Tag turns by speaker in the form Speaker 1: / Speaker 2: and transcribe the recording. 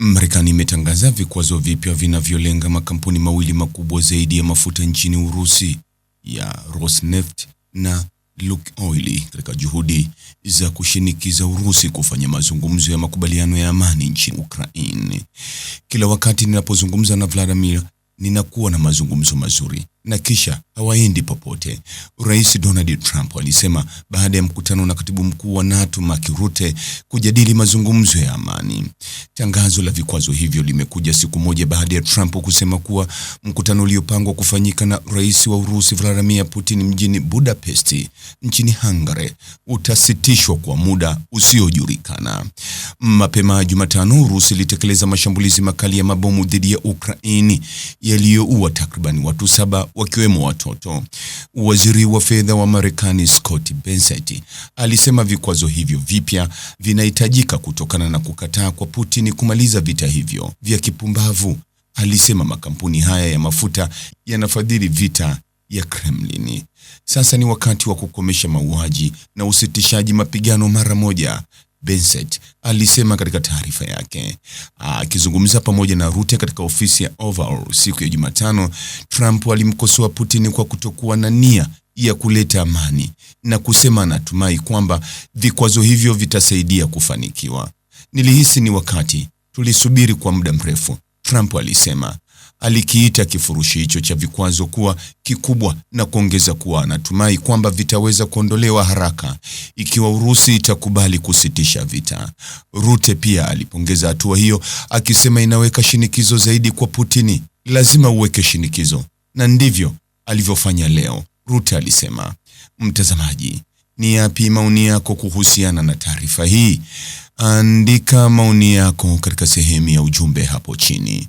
Speaker 1: Marekani imetangaza vikwazo vipya vinavyolenga makampuni mawili makubwa zaidi ya mafuta nchini Urusi ya Rosneft na Lukoil katika juhudi za kushinikiza Urusi kufanya mazungumzo ya makubaliano ya amani nchini Ukraine. Kila wakati ninapozungumza na Vladimir, ninakuwa na mazungumzo mazuri na kisha hawaendi popote. Rais Donald Trump alisema baada ya mkutano na katibu mkuu wa NATO Mark Rutte kujadili mazungumzo ya amani. Tangazo la vikwazo hivyo limekuja siku moja baada ya Trump kusema kuwa mkutano uliopangwa kufanyika na rais wa Urusi Vladimir Putin mjini Budapest nchini Hungary utasitishwa kwa muda usiojulikana. Mapema Jumatano, Urusi ilitekeleza mashambulizi makali ya mabomu dhidi ya Ukraini yaliyoua takriban watu saba wakiwemo watoto. Waziri wa fedha wa Marekani Scott Bessent alisema vikwazo hivyo vipya vinahitajika kutokana na kukataa kwa Putin kumaliza vita hivyo vya kipumbavu. Alisema makampuni haya ya mafuta yanafadhili vita ya Kremlin. Sasa ni wakati wa kukomesha mauaji na usitishaji mapigano mara moja Bensett alisema katika taarifa yake. Akizungumza pamoja na Rutte katika ofisi ya Oval siku ya Jumatano, Trump alimkosoa Putin kwa kutokuwa na nia ya kuleta amani na kusema anatumai kwamba vikwazo hivyo vitasaidia kufanikiwa. Nilihisi ni wakati tulisubiri kwa muda mrefu, Trump alisema. Alikiita kifurushi hicho cha vikwazo kuwa kikubwa na kuongeza kuwa anatumai kwamba vitaweza kuondolewa haraka ikiwa Urusi itakubali kusitisha vita. rute pia alipongeza hatua hiyo akisema inaweka shinikizo zaidi kwa Putini. Lazima uweke shinikizo, na ndivyo alivyofanya leo, rute alisema. Mtazamaji, ni yapi maoni yako kuhusiana na taarifa hii? Andika maoni yako katika sehemu ya ujumbe hapo chini